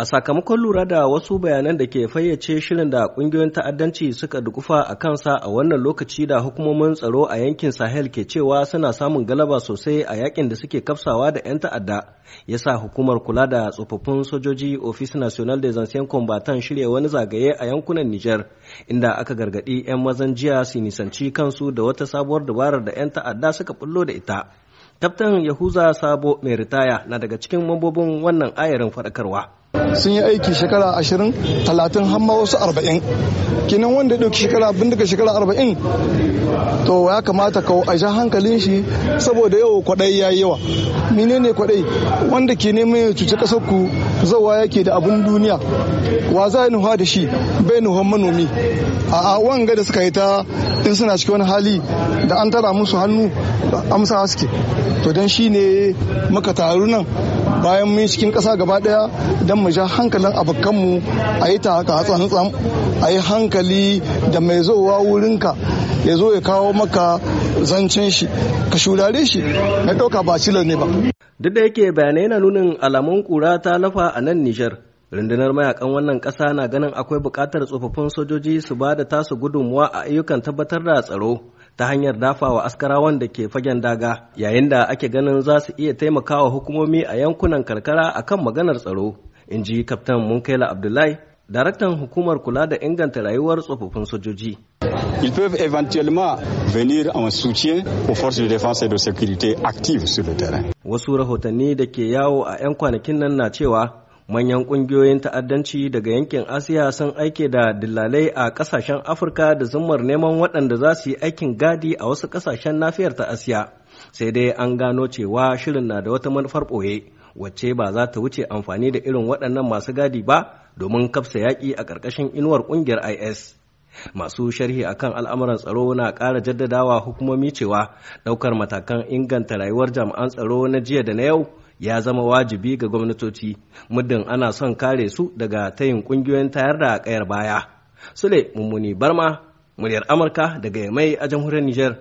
A sakamakon lura da wasu bayanan da ke fayyace shirin da kungiyoyin ta'addanci suka dukufa a kansa a wannan lokaci da hukumomin tsaro a yankin Sahel ke cewa suna samun galaba sosai a yakin da suke kafsawa da 'yan ta'adda, ya sa hukumar kula da tsofaffin sojoji Ofis National des Anciens Combattants shirya wani zagaye a yankunan Nijar, inda aka gargaɗi 'yan mazan jiya su nisanci kansu da wata sabuwar dabarar da 'yan ta'adda suka bullo da ita. Kaftan Yahuza Sabo mai ritaya na daga cikin mambobin wannan ayarin faɗakarwa. sun yi aiki shekara ashirin talatin hamma wasu arba'in kinan wanda ya ɗauki shekara abin daga shekara arba'in to ya kamata ka a hankalin shi saboda yau kwaɗai ya yawa ne kwaɗai wanda ke neman ya cuci kasar ku zawa yake da abin duniya wa za yi nuha da shi bai nuhan manomi a wanga da suka yi ta in suna cikin wani hali da an tara musu hannu amsa haske to don shi ne muka taru nan bayan mun cikin ƙasa gaba daya don mu ja hankalin abokanmu a yi ta haka tsantsan a yi hankali da mai zowa wurinka ya zo ya kawo maka zancen shi ka shurare shi na ɗauka ba cilar ne ba. Duk da yake bayanai na nunin alamun ƙura ta lafa a nan Nijar. Rundunar mayakan wannan ƙasa na ganin akwai bukatar tsofaffin sojoji su ba da tasu gudunmuwa a ayyukan tabbatar da tsaro. ta hanyar dafawa askarawan da ke fagen daga yayin da ake ganin za su iya taimakawa hukumomi a yankunan karkara a kan maganar tsaro in ji kaftan munkaila abdullahi daraktan hukumar kula da inganta rayuwar tsofaffin sojoji Ils peuvent éventuellement venir en soutien aux forces de défense et de sécurité actives sur le terrain. Wasu rahotanni da ke yawo a 'yan kwanakin nan na cewa manyan ƙungiyoyin ta'addanci daga yankin asiya sun aike da dillalai a ƙasashen afirka da zumar neman waɗanda za su yi aikin gadi a wasu ƙasashen nafiyar ta asiya sai dai an gano cewa shirin na da wata manufar ɓoye wacce ba za ta wuce amfani da irin waɗannan masu gadi ba domin kafsa yaƙi a ƙarƙashin inuwar ƙungiyar is masu sharhi akan al'amuran tsaro na ƙara jaddadawa hukumomi cewa ɗaukar matakan inganta rayuwar jami'an tsaro na jiya da na yau ya zama wajibi ga gwamnatoci muddin ana son kare su daga tayin kungiyoyin tayar da kayar baya. Sule Mummuni Barma, muryar Amurka daga mai a jamhuriyar Nijar.